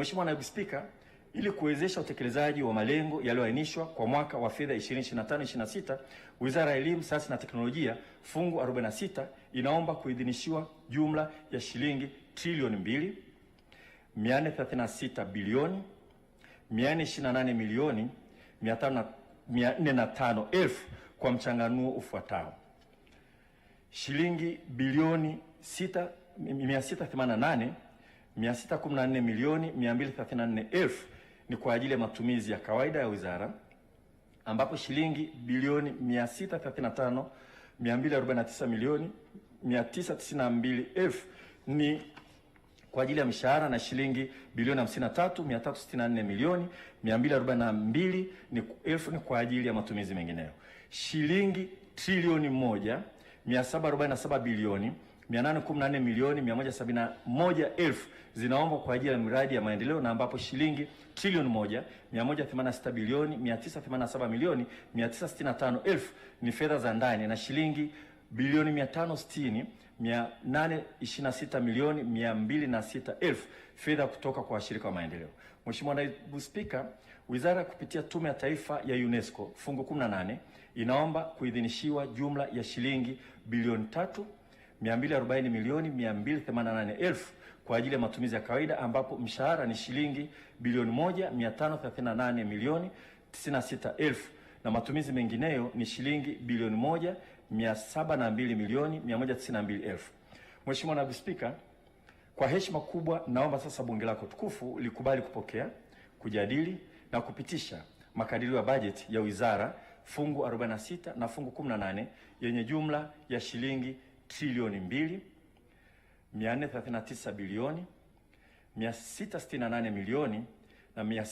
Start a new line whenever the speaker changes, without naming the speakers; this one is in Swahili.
Mheshimiwa Naibu Spika, ili kuwezesha utekelezaji wa malengo yaliyoainishwa kwa mwaka wa fedha 2025 2026 Wizara ya Elimu, Sayansi na Teknolojia fungu 46 inaomba kuidhinishiwa jumla ya shilingi trilioni 2 436 bilioni 428 milioni 405 elfu kwa mchanganuo ufuatao: shilingi bilioni 6 688 614 milioni 234,000 ni kwa ajili ya matumizi ya kawaida ya wizara, ambapo shilingi bilioni 635 249 milioni 992,000 ni kwa ajili ya mishahara na shilingi bilioni 53 364 milioni 242 ni elfu ni kwa ajili ya matumizi mengineyo. Shilingi trilioni moja 747 bilioni 814 milioni 171 elfu zinaombwa kwa ajili ya miradi ya maendeleo na ambapo shilingi trilioni moja 186 bilioni 987 milioni 965 elfu ni fedha za ndani na shilingi bilioni 560 826 milioni 206 elfu fedha kutoka kwa washirika wa maendeleo. Mheshimiwa Naibu Spika, Wizara kupitia Tume ya Taifa ya UNESCO fungu 18 inaomba kuidhinishiwa jumla ya shilingi bilioni tatu 240 milioni 288,000 kwa ajili ya matumizi ya kawaida ambapo mshahara ni shilingi bilioni 1,538 milioni 96,000 na matumizi mengineyo ni shilingi bilioni 1,702 milioni 192,000. Mheshimiwa Naibu Spika, kwa heshima kubwa naomba sasa bunge lako tukufu likubali kupokea, kujadili na kupitisha makadirio ya bajeti ya wizara fungu 46 na fungu 18 yenye jumla ya shilingi trilioni mbili 439 bilioni 668 milioni na